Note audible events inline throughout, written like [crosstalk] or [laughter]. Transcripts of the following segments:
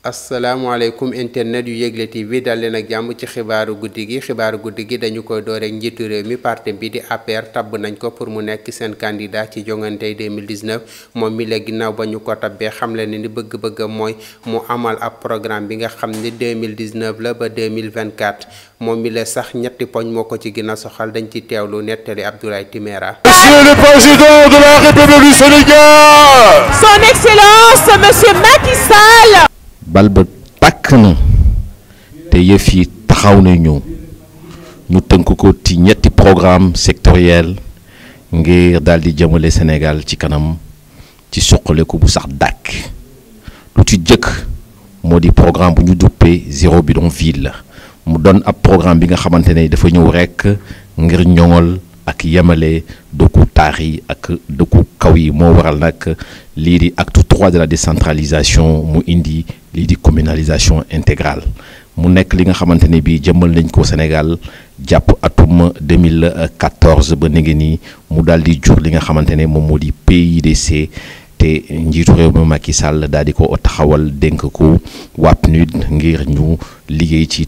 asalaamaaleykum internet yu yëgle TV dal leen ak jàmm ci xibaaru guddi gi xibaaru guddi gi dañu koy doore ak njiitu réew mi parti bi di APR tab nañ ko pour mu nekk seen candidat ci jongantey 2019 moom mi la ginnaaw ba ñu ko tabbee xam leen ni bëgg-bëgg mooy mu amal ab programme bi nga xam ni 2019 la ba 2024 moom mi le sax ñetti poñ moo ko ci gën a soxal dañ ci teewlu nettali Abdoulaye Timéra. Monsieur le président de la République du Sénégal. Son Excellence Monsieur Macky Sall. bal ba tàkk na te yëf yi taxaw nañu ñu tënk ko ci ñetti programme sectoriel ngir daal di jëmale Sénégal ci kanam ci suqaleku bu sax dàkk lu ci jëkk moo di programme bu ñu duppee zéro la mu doon ab programme bi nga xamante ne dafa ñëw rekk ngir ñoŋol ak yamale dëkku tari ak dëkku kawi yi waral acte trois de la décentralisation mu indi communalisation intégrale mu nek li nga xamante bi jëmmal ko Sénégal japp atum 2014 ba ni ngi nii mu daldi li nga mom modi PIDC Macky Sall daldi ko taxawal denk ko ngir ñu liggéey ci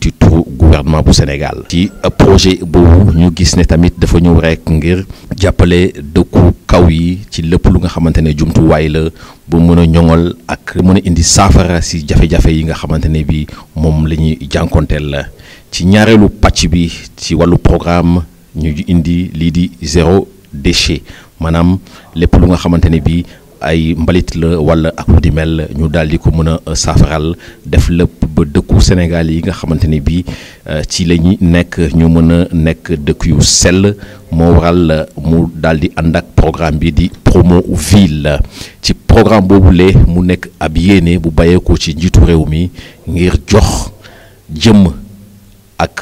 gouvernement bu Sénégal ci projet boobu ñu gis ne tamit dafa ñëw rek ngir jàppale dëkku kaw yi ci lépp lu nga xamante ne jumtuwaay la bu mën a ñoŋal ak mën a indi saafara si jafe-jafe yi nga xamante ne bi moom lañuy ñuy jànkonteel la ci ñaareelu pàcc bi ci wàllu programme ñu ju indi lii di zéro déchet maanaam lépp lu nga xamante bi ay mbalit la wala ak di mel ñu daal di ko mën a euh, saafaral def lëpp ba dëkku Sénégal yi nga xamante ni bii euh, ci la ñuy nekk ñu mën a nekk dëkk yu sell moo waral euh, mu daal di ànd ak programme bi di promo ville ci programme boobule mu nekk ab yéene bu bàyyeekoo ci njiitu réew mi ngir jox jëmm ak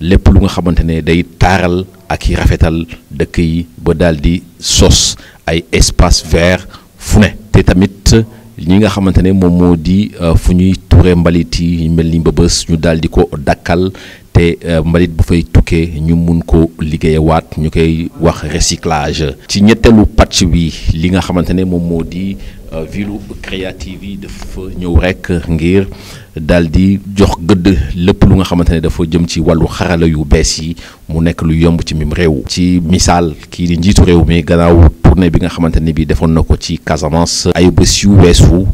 lépp lu nga xamante ne day taaral ak i rafetal dëkk yi ba daal di sos ay espace vert fu ne te tamit ñi nga xamante ne moom moo di euh, fu ñuy tuuree mbalit yi mel ni mbëbës ñu daal di ko dakkal te euh, mbalit bu fay tukkee ñu mun ko liggéeyawaat ñu koy wax recyclage. ci ñetteelu pàcc bi li nga xamante ne moom moo di euh, ville créative yi dafa ñëw rek ngir daal di jox gëdd lépp lu nga xamante ne dafa jëm ci wàllu xarala yu bees yi mu nekk lu yomb ci mim réew. ci misaal kii di njiitu réew mi gannaaw. tournée bi nga xamanteni bi defon nako ci Casamance ay bés yu weesu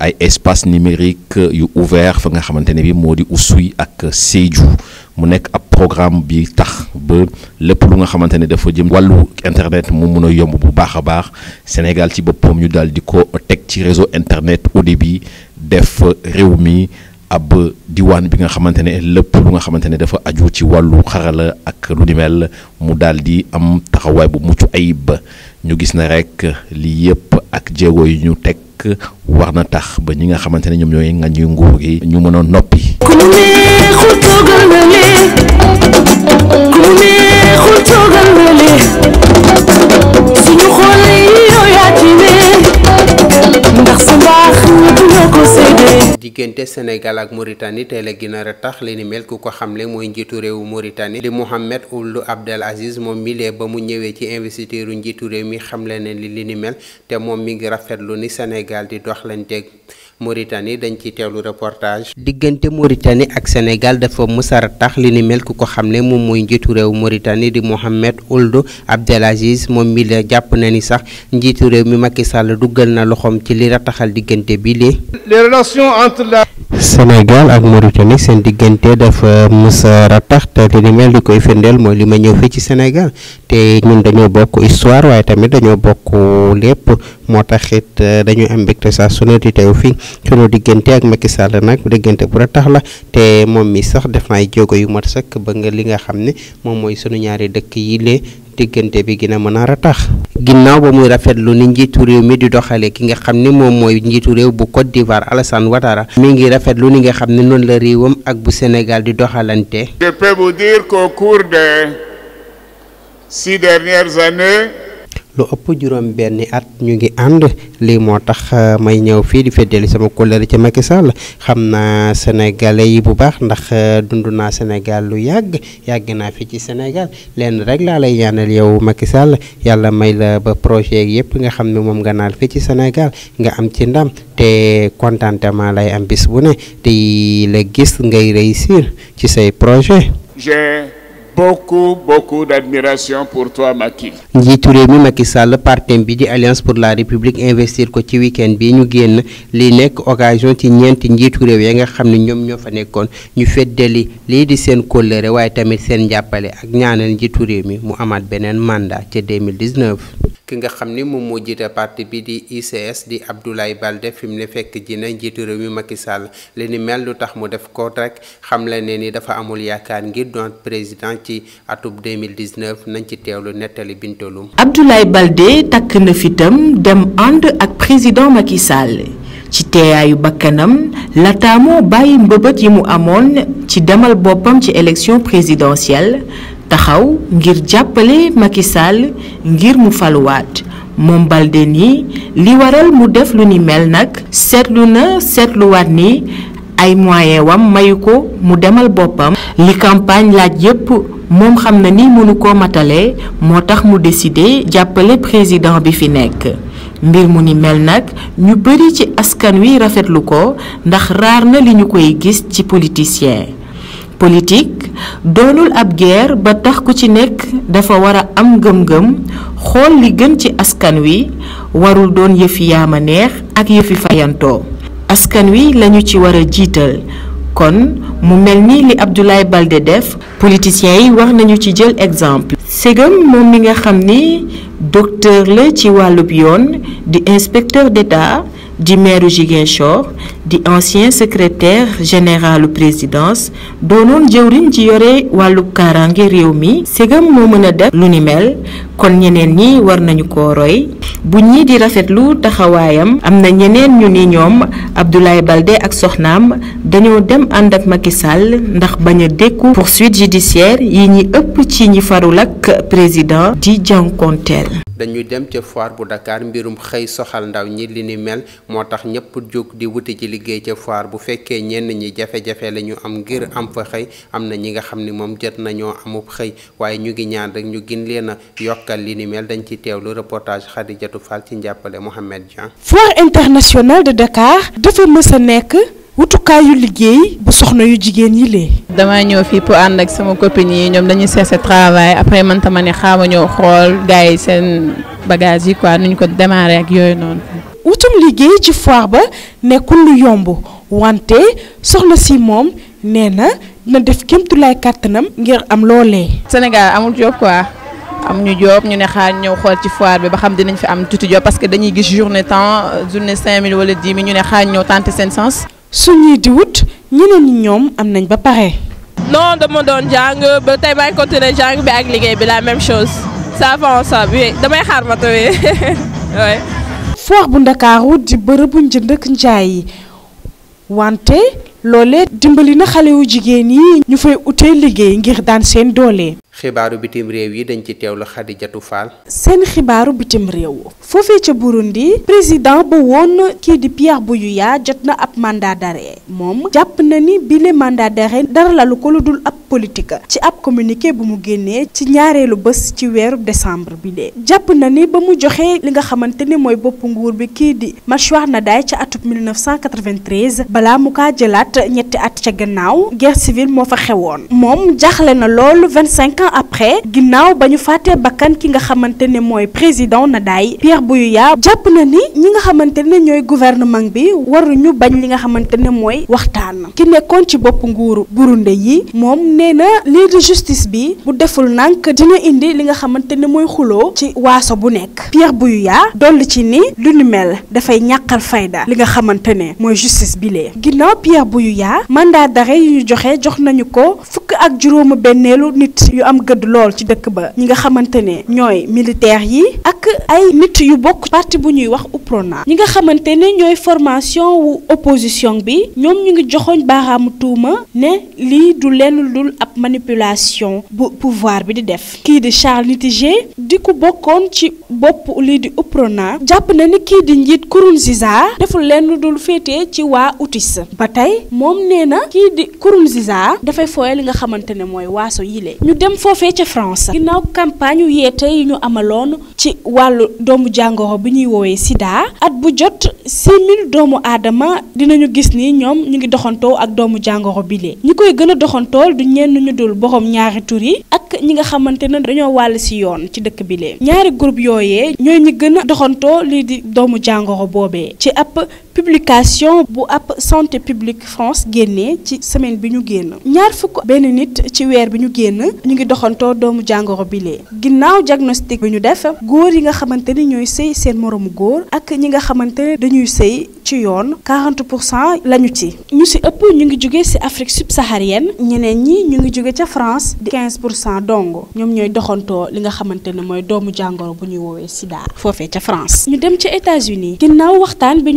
ay espace numérique yu ouvert fa nga xamanteni bi modi ak Sédhiou mu nek programme bi tax ba lepp lu nga xamanteni dafa jëm walu internet mu mun yomb bu baax baax Sénégal ci bopom ñu dal di ko tek ci réseau internet au débit def rewmi ab Diwan bi nga xamantene lepp lu nga xamantene dafa aju ci walu xarala ak lu ni mel mu daldi am taxaway bu muccu ayib ñu gis na rek li yëpp ak jéego yu ñu tek war na tax ba ñi nga xamantene ñom ñoy nga nguur gi ñu nopi diggante senegal ak Mauritanie teel a gën a tax li ni mel ku ko xamle mooy njiitu réewu Mauritanie di Mohamed Ould Abdel Aziz moom milee ba mu ñëwee ci investiture njiitu réew mi xamle ne li ni mel te moom mi ngi lu ni senegal di lañ doxlanteeg Mauritanie dañ ci tewlu reportage. digënté Mauritanie ak Sénégal dafa musara tax li ni mel ku ko xamné mom moy njitu rew Mauritanie di Mohamed Ould Abdelaziz mom mi la japp na ni sax njitu rew mi Macky Sall duggal na loxom ci li taxal digënté bi lé les relations entre la. Sénégal ak Mauritanie sen digënté dafa musara tax te li ni mel di fëndel moy li ma ñëw fi ci Sénégal té ñun dañu bokk histoire waye tamit dañu bokk lépp moo eh, am sa di sunu diggante ak Macky Sall nag diggante bu ratax la te moom mi sax def naay jógo yu mat sëkk ba nga li nga xam ne moom mooy sunu ñaari dëkk yi lee diggante bi gën a mën a ratax ginnaaw ba muy rafet lu ni njiitu réew mi di doxalee ki nga xam ne moom mooy njiitu réew bu Côte d'Ivoire Alassane Ouattara mi ngi rafetlu ni nga xam ne noonu la riiwam ak bu Sénégal di doxalante. Je peux vous dire qu'au cours des six dernières lu ëpp juróom benni at ñu ngi ànd lii moo tax euh, may ñëw fii di feddali sama kóllëre ci Macky Sall xam naa sénégalais yi bu baax ndax euh, dund naa senegal lu yàgg yàgg naa fi ci senegal lenn rek laa lay ñaanal yow Macky Sall yàlla may la ba projet yëpp nga xam ne moom nga naal fii ci senegal nga am ci ndam te contentement lay am bis bu ne di la gis ngay réussir ci say projet. beaucoup, beaucoup d'admiration pour toi, Macky. njiitu réew mi Macky Sall parti bi di alliance pour la république investir ko ci week-end bi ñu génn li nekk occasion ci ñeenti njiitu réew ya nga xam ne ñoom ñoo fa nekkoon ñu feddali lii di seen kóllëre waaye tamit seen njàppale ak ñaanal njiitu réew mi mu amaat mandat ca 2019. ki nga xam ni moom moo jiite parti bi di ICS di Abdoulaye Balde fi mu ne fekk ji na njiitu réew mi Macky Sall li ni mel lu tax mu def ko rek xam la ne ni dafa amul yaakaar ngir doon président. ci atum 2019 nañ ci teewlu nettali bintalum Abdoulaye Baldé takk na fitam dem ànd ak président Macky Sall ci teeyaayu bakkanam lataamoo bàyyi mbëbët yi mu amoon ci demal boppam ci élection présidentielle taxaw ngir jàppale Macky Sall ngir mu faluwaat moom Baldé nii li waral mu def lu ni mel nag seetlu na seetluwaat ni ay moyen wam mayu ko mu demal boppam li campagne laaj yépp moom xam na ni mënu koo matale moo tax mu décidé jàppale président bi fi nekk mbir mu ni mel nag ñu bari ci askan wi rafetlu ko ndax raar na li ñu koy gis ci politicien politique doonul ab guerre ba tax ku ci nekk dafa war a am ngëm-ngëm xool li gën ci askan wi warul doon yëfi yaama neex ak yëfi fayantoo askan wi lañu ci war a jiital kon mu mel ni li Abdoulaye Baldé def politiciens yi war nañu ci jël exemple ségam moom mi nga xam ni docteur le ci wàllub yoon di inspecteur d'État di maire Ziguinchor di ancien secrétaire généralu présidence doonoon jëwriñ ci yore wàllub kaaraange réew mi ségam moo mën a def lu ni mel kon ñeneen ñi war nañu ko roy bu ñii di rafet lu taxawaayam am na ñeneen ñu ni ñoom Abdoulaye Baldé ak soxnaam dañoo dem ànd ak Macky ndax bañ a dékku poursuite judiciaire yi ñi ëpp ci ñi farul ak président di jànkonteel dañu dem ca foire bu Dakar mbirum xëy soxal ndaw ñi li ni mel moo tax ñëpp jóg di wuti ci liggéey ca foire bu fekkee ñenn ñi jafe-jafe la ñu am ngir am fa xëy am na ñi nga xam ni moom jot nañoo amub xëy waaye ñu ngi ñaan rek leen a yokk askan li ni mel dañ ci teewlu reportage Khadijatou Fall ci njàppale Mohamed Dian. foire internationale de Dakar dafa mës a nekk wutukaayu liggéey bu soxna yu jigéen yi lee. damaa ñëw fii pour ànd ak sama copine yi ñoom dañuy cessé travail après man tama ne xaama ñëw xool gars yi seen bagage yi quoi nuñ ko démarré ak yooyu noonu. wutum liggéey ci foire ba nekkul lu yomb wante soxna si moom nee na dina def kéemtulaay kàttanam ngir am loolee. Sénégal amul job quoi. am ñu job ñu ne xaar ñëw xool ci foire bi ba xam dinañ fi am tuuti job parce que dañuy gis journée temps journée 5000 wala 10 000 ñu ne xaañ ñëw tenté seen sens. su ñuy di wut ñeneen ñi ñoom am nañ ba pare. non dama doon jàng ba tey may continuer jàng bi ak liggéey bi la même chose ça va ensemble oui damay xaar ma tawee [laughs] foire bu Ndakaaru di bërëbu njënd ak njaay yi wante loolee dimbali na xale yu jigéen yi ñu fay utee liggéey ngir daan seen doole. xibaaru bitim réew yi dañ ci teewlu Xadijatu Fall. seen xibaaru bitim réew foofee ca Burundi président ba woon kii di Pierre Buyoya jot na ab mandat d'arrêt moom jàpp na ni bile mandat dare dara la lu ko lu dul ab politique ci ab communiqué bu mu génnee ci ñaareelu bés ci weeru décembre bi de jàpp na ni ba mu joxee li nga xamante ni mooy bopp nguur bi kii di Machar Nadaye ca atum 1993 balaa mu kaa jëlaat ñetti at ca gannaaw guerre civile moo fa xewoon ans après ginnaaw ba ñu fàttee bakkan ki nga xamante ne mooy président Ndeye Pierre yaa jàpp na ni ñi nga xamante ne ñooy gouvernement bi ñu bañ li nga xamante ne mooy waxtaan ki nekkoon ci bopp nguuru Burundi yi moom nee na lii de justice bi bu deful nànk dina indi li nga xamante ne mooy xuloo ci waaso bu nekk Pierre Buyoya dolli ci ni lu ni mel dafay ñàqal fayda li nga xamante ne mooy justice bi lee ginnaaw Pierre Buyoya yu ñu joxe jox nañu ko fukk ak juróomu benneelu nit yu am gëdd lool ci dëkk ba ñi nga xamante ne ñooy militaire yi ak ay nit yu bokk parti bu ñuy wax UPRONA ñi nga xamante ne ñooy formation wu opposition bi ñoom ñu ngi joxoñ baaraamu tuuma ne lii du lenn dul ab manipulation bu pouvoir bi di def kii di Charles Nitiger di ku bokkoon ci bopp lii di UPRONA jàpp na ni kii di njiit Nkurunziza deful lenn dul féete ci waa UTIS ba tey moom nee na kii di Nkurunziza dafay fooye li nga xamante ne mooy waaso yile ñu dem foofee ca France ginnaaw campagne yu yeete yi ñu amaloon ci wàllu doomu jàngoro bi ñuy woowee sida at bu jot 6000 doomu aadama dinañu gis ni ñoom ñu ngi doxantoo ak doomu jàngoro bile ñi koy gën a doxantool du ñenn ñu dul borom ñaari tur yi ak ñi nga xamante ne dañoo wàll si yoon ci dëkk bile ñaari groupe yooyee ñooy ñi gën a doxantoo lii di doomu jàngoro boobee ci ab ab publication bu ab santé publique France génnee ci semaine bi ñu génn ñaar fukk benn nit ci weer bi ñu génn ñu ngi doxantoo doomu jàngoro bi lee ginnaaw diagnostic bi ñu def góor yi nga xamante ni ñooy sëy seen moroomu góor ak ñi nga xamante ne dañuy sëy ci yoon 40 pour cent lañu ci ñu si ëpp ñu ngi jóge si Afrique subsaharienne ñeneen ñi ñu ngi jóge ca France di pour cent dong ñoom ñooy doxantoo li nga xamante ne mooy doomu jàngoro bu ñuy woowee Sida foofee ca France ñu dem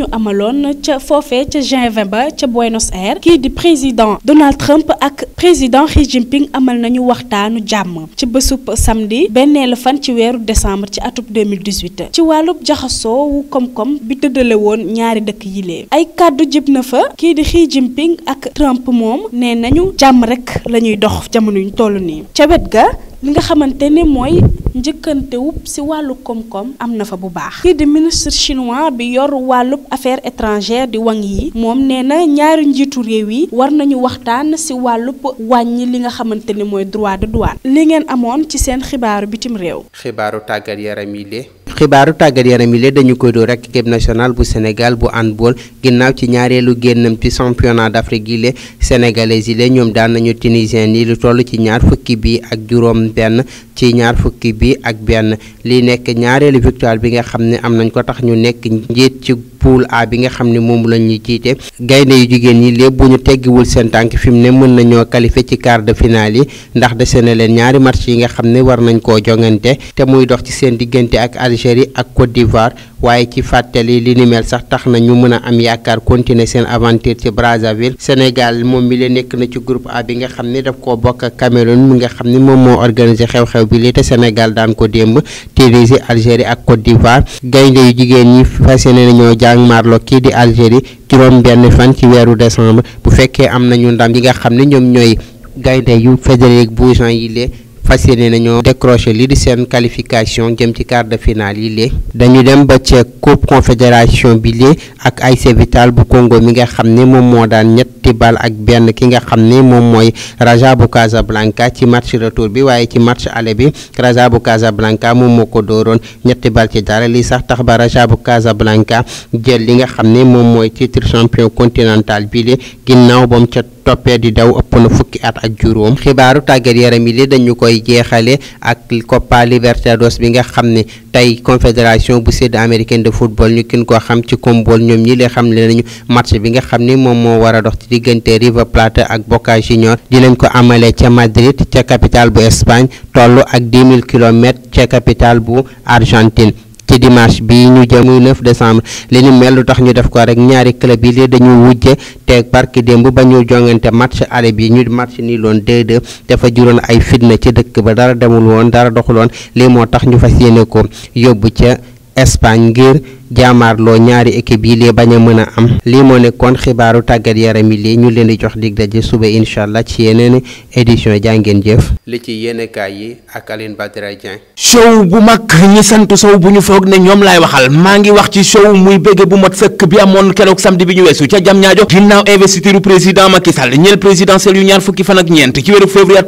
ñu amaloon ca foofe ca g ba ca Buenos Aires kii di président Donald Trump ak président Xi amal nañu waxtaanu jàmm ci bésub samedi benneelu fan ci weeru décembre ci atub 2018 ci wàllub jaxasoo wu koom-koom bi tëddale woon ñaari dëkk yile ay kàddu jib na fa kii di Xi Jinping ak Trump moom nee nañu jàmm rek la ñuy dox jamono ñu toll nii ca wet ga li nga xamante ne mooy njëkkantewub si wàllu koom-koom am na fa bu baax. kii di ministre chinois bi yor wàllu affaire étrangères di Wang Yi moom nee na ñaari njiitu réew yi war nañu waxtaan si wàllu wàññi li nga xamante ni mooy droit de douane. li ngeen amoon ci seen xibaaru bitim réew. xibaaru tàggat yaram yi de xibaaru tàggat yaram yi dañu koy dóor rek équipe national bu Sénégal bu handball ginnaaw ci ñaareelu génnam ci championnat d'Afrique yi les sénégalais yi ñoom daan nañu tunisien yi lu toll ci ñaar fukki bi ak juróom benn ci ñaar fukki bi ak benn li nekk ñaareelu victoire bi nga xam ne am nañ ko tax ñu nekk njiit ci poule A bi nga xam ne moom la ñuy jiite gaynde yu jigéen ñi lépp bu ñu teggiwul seen tànk fi mu ne mën nañoo qualifié ci quart de finale ndax dese leen ñaari match yi nga xam ne war nañ koo jongante te muy dox ci seen diggante ak Algérie Algérie ak Côte d'Ivoire waaye ci fàttali li ni sax tax na ñu mën a am yaakaar continuer seen aventure ci Brazzaville Sénégal moom mi la nekk na ci groupe A bi nga xam ne daf koo bokk ak Cameroun mi nga xam ne moom moo organisé xew-xew bi li te Sénégal daan ko démb Tunisie Algérie ak Côte d'Ivoire gaynde yu jigéen ñi fas yéene nañoo jàng marlo kii di Algérie juróom benn fan ci weeru décembre bu fekkee am nañu ndam yi nga xam ne ñoom ñooy gaynde yu Frédéric Bouchon yi fas yéene nañoo décroché lii di seen qualification jëm ci quart de finale yi lée dañu dem ba ci coupe confédération bi lée ak ay Vital bu Congo mi nga xam ne moom moo daan ñetti bal ak benn ki nga xam ni moom mooy Raja Casablanca ci match retour bi waaye ci match aller bi Raja bu Casablanca moom moo ko dooroon ñetti bal ci dara lii sax tax ba Raja bu Casablanca jël li nga xam ne moom mooy titre champion continental bi ginnaaw bam ca toppee di daw ëpp na fukki at ak juróom xibaaru tàggat yaram yi li dañu koy jeexale ak Copa Libertadores bi nga xam ne tey confédération bu sud américaine de football ñu kin ko xam ci kombol ñoom ñi lee xam le nañu match bi nga xam ni moom moo war a dox ci diggante River Plate ak Boca Juniors di lañ ko amalee ca Madrid ca capital bu Espagne toll ak 10 000 kilomètres ca capital bu Argentine ci dimanche bi ñu jëm muy 9 décembre li ni mel lu tax ñu def ko rek ñaari club yi de dañu wujje teeg parki démb ba ñu jongante match ale bi ñu match nii loon 2-2 dafa juróon ay fitna ca dëkk ba dara demul woon dara doxuloon woon moo tax ñu fas yéene ko yóbbu ca Espagne ngir jaamaarloo ñaari équipe yi lee bañ a mën a am lii moo nekkoon xibaaru tàggat yaram yi lee ñu leen di jox dig daje suba incha allah ci yeneen édition jàngeen jëf. li ci yéenekaay yi ak Aline Badara Dieng. show bu mag ñi sant sow bu ñu foog ne ñoom laay waxal maa ngi wax ci show muy bëgg bu mat sëkk bi amoon keroog samedi bi ñu weesu ca jam ñaajo ginnaaw investiture président Macky ñeel présidentielle yu ñaar fukki fan ak ñeent ci weeru février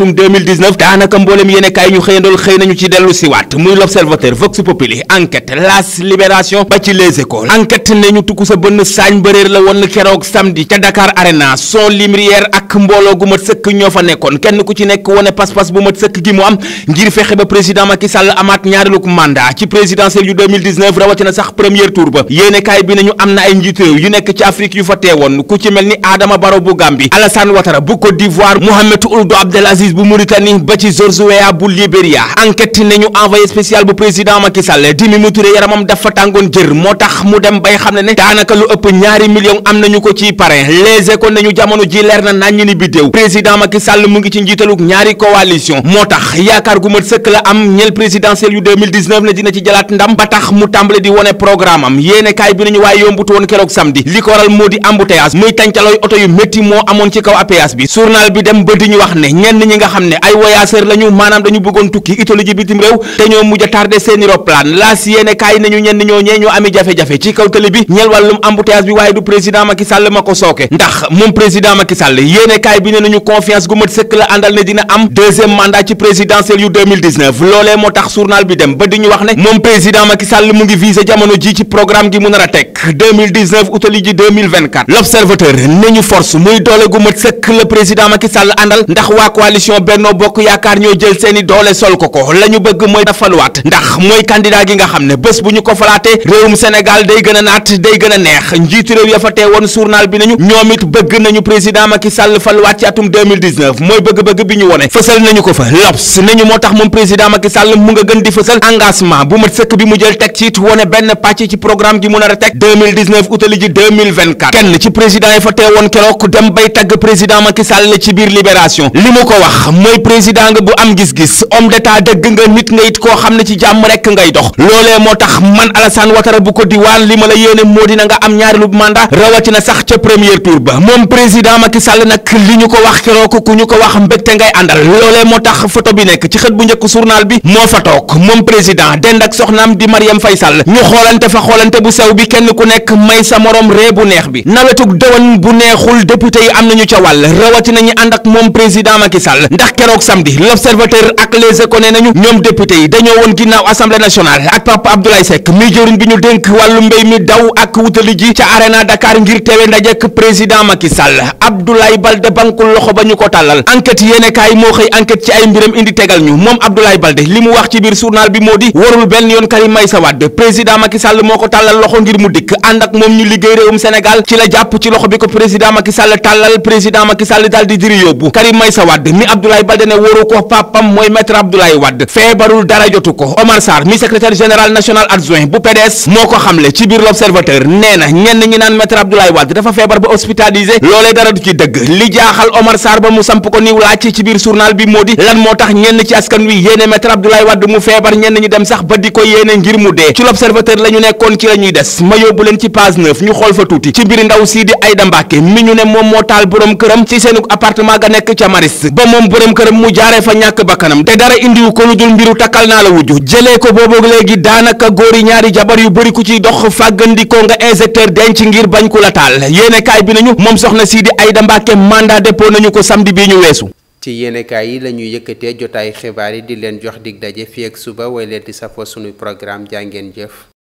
nañu ci dellu siwaat muy l'observateur vox populi enquête L'As Libération ba ci Les Échos enquête ne ñu tukku sa bënn saañ bëréer la woon keroog samedi ca Dakar Arena son limrière ak mbooloo gu mat sëkk ñoo fa nekkoon kenn ku ci nekk wane pas-pas bu mat sëkk gi mu am ngir fexe ba président Macky Sall amaat ñaareelu mandat ci présidentielle yu rawatina sax premier tour ba yéene kaay bi nañu am na ay njiit yu nekk ci Afrique yu fa teewoon ku ci mel ni Adama Barrow bu Gambie Alassane Ouattara bu Côte d'Ivoire Mohamed Ould yaramam moo tax mu dem bay xam ne ne daanaka lu ëpp ñaari million am nañu ko ci parrain Les Échos nañu jamono ji leer na naññ ni bidéew président Macky Sall mu ngi ci njiitaluk ñaari coalition moo tax yaakaar gu mat sëkk la am ñel présidentielle yu ne dina ci jalaat ndam ba tax mu tàmbale di wone programme am yéene kaay bi nañu waaye yombutu woon keroog samedi li ko waral moo di embouteillage muy tàncalooy oto yu métti moo amoon ci kaw APS bi journal kaay nañu ñenn ñoo ñee ñoo ami jafe-jafe ci kaw tali bi ñeel wàllum embouteillage bi waaye du président Macky Sall ma ko sooke ndax moom président Macky Sall yéene kaay mu ngi visé jamono ji ci programme gi mu nar a teg utali ji l'observateur ne ñu force muy doole gu mat sëkk la président Macky Sall àndal ndax waa coalition Benno Bokk Yaakaar ñoo jël seeni doole sol ko ko la bëgg mooy dafaluwaat ndax mooy candidat gi nga xam ne bés bu ñu ko falaatee réewum Sénégal day gën a naat day gën a neex njiitu réew ya fa teewoon journal bi nañu ñoom it bëgg nañu président Macky Sall faluwaat ci atum 2019 mooy bëgg-bëgg bi ñu wone fësal nañu ko fa L'Obs nañu moo tax moom président Macky Sall mu nga gën di fësal engagement bu mat sëkk bi mu jël teg ci wone benn pàcc ci programme gi mu nar a teg 2019 ji kenn ci président ya fa teewoon keroog dem bay tagg président Macky Sall ci biir Libération nga bu am it koo xam ne ci jàmm rekk ngay dox loolee moo tax tax man Alassane Ouattara bu ko diwaan li ma la yéene moo dina nga am ñaari lu mandat rawatina sax ca premier tour ba moom président ma Sall nag nag li ñu ko wax keroog ku ñu ko wax mbégte ngay àndal loolee moo tax photo bi nekk ci xët bu njëkk journal bi moo fa toog moom président dend ak soxnaam di Mariam Faye Sall ñu xoolante fa xoolante bu sew bi kenn ku nekk may sa morom ree bu neex bi nawetug dawan bu neexul député yi am nañu ca wàll rawati nañu ànd ak moom président Macky Sall ndax keroog samedi l'observateur ak les échos nee nañu ñoom député yi dañoo woon ginnaaw assemblée nationale ak ñu dénk wàllu mbéy mi ji ca arena Dakar ngir teewe ndajek président Macky Sall Abdoulaye Bal Balde bankul loxo ba ñu ko tàllal enquête yéene moo xëy enquête ci ay mbiram indi tegal ñu moom Abdoulaye Balde li mu wax ci biir journal bi moo di warul benn yoon Karim Meïssa Wade président Macky Sall moo ko tàllal loxo ngir mu dikk ànd ak moom ñu liggéey réewum Sénégal ci la jàpp ci loxo bi ko président Macky Sall tàllal président Macky Sall daal di diri yóbbu Karim Meïssa Wade mi Abdoulaye Balde ne waru ko papam mooy maître Abdoulaye Wade feebarul na li jaaxal Omar Sarr ba mu samp ko niw laaj ci biir journal bi moo di lan moo tax fa ñàkk bakkanam te dara indiwu ko lu mbiru takkal naa la wujju jëlee ko boobu léegi daanaka góori ñaari jabar yu bëri ku dox fàggandikoo nga injecteur denc ngir bañ ku la taal yéene kaay bi nañu moom soxna sii di Aïda Mbacke mandat dépôt nañu ko samedi bii ñu weesu. ci yéenekaay yi la ñuy yëkkatee jotaay xibaar yi di leen jox dig daje fii ak suba way leen di safoo suñuy programme jàngeen jëf.